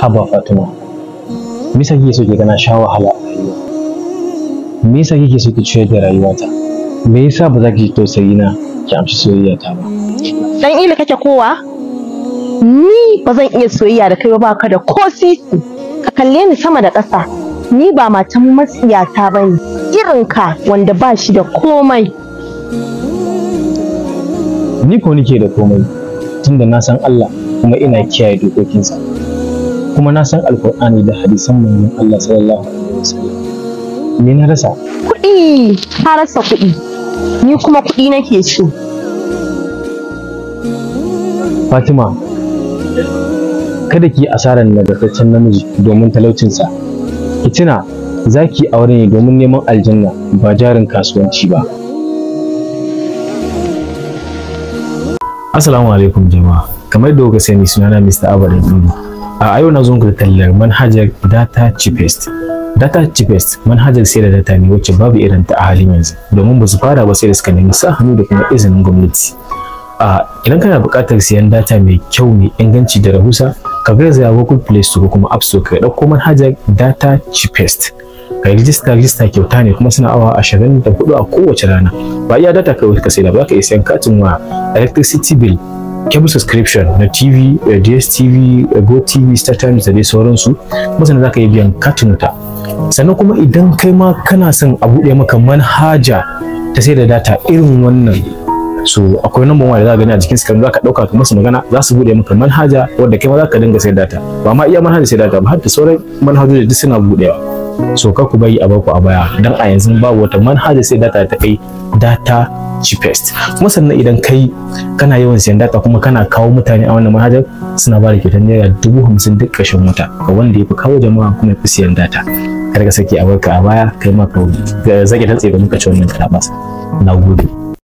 haba fatima me yasa kike so ki gana sha wahala a rayuwa me yasa kike so ki ciyar da rayuwata me yasa ba za ki ji tausayi na ki amshi soyayya ta ba dan ila kake kowa ni ba zan iya soyayya da kai ba ka da ko sisi ka kalle ni sama da ƙasa ni ba matan matsiyata ba ne irinka wanda ba shi da komai ni ko nike da komai tunda na san Allah kuma ina kiyaye dokokinsa kuma na san alkur'ani da hadisan manzon Allah sallallahu alaihi wasallam Ni na rasa kuɗi ka rasa kuɗi ni kuma kuɗi nake so Fatima kada ki yi asarar nagartaccen namiji domin talaucinsa ki tuna za ki aure ne domin neman aljanna ba jarin kasuwanci ba Assalamu alaikum jama'a kamar da kuka sani sunana Mr. Abdul Dindini a yau na zo da tallar manhajar data cheapest data cheapest manhajar sayar da data ne wacce babu irin ta a halin yanzu domin ba su fara ba sai da suka nemi sa hannu da kuma izinin gwamnati a idan kana buƙatar siyan data mai kyau mai inganci da rahusa ka garzaya google play store kuma app store ka dauko manhajar data cheapest ka rijista rijista kyauta ne kuma suna awa 24 a kowace rana ba iya data kawai ka sai da ba ka iya siyan katin waya electricity bill cable subscription na TV, eh, DSTV, eh, GoTV, StarTimes da dai sauransu masana za ka yi biyan katinuta sannan kuma idan kai ma kana son a buɗe maka manhaja ta sai da data irin wannan so akwai nan one da za ka gani a jikin screen za ka ɗauka ka masu magana za su buɗe maka manhaja wanda kai ma za ka dinga sai data ba ma iya manhaja sai data ba har da sauran manhajoji duk suna buɗewa so kar ku bari a baku a baya don a yanzu babu wata manhaja sai data ta kai data cheapest kuma sannan idan kai kana yawan siyan data kuma kana kawo mutane a wannan manhajar suna ba da kyautar naira dubu hamsin duk ƙarshen wata ga wanda ya fi kawo jama'a kuma ya fi siyan data kar ka sake a barka a baya kai ma ka zage ta tsaye ga muka ci wannan karabas na gode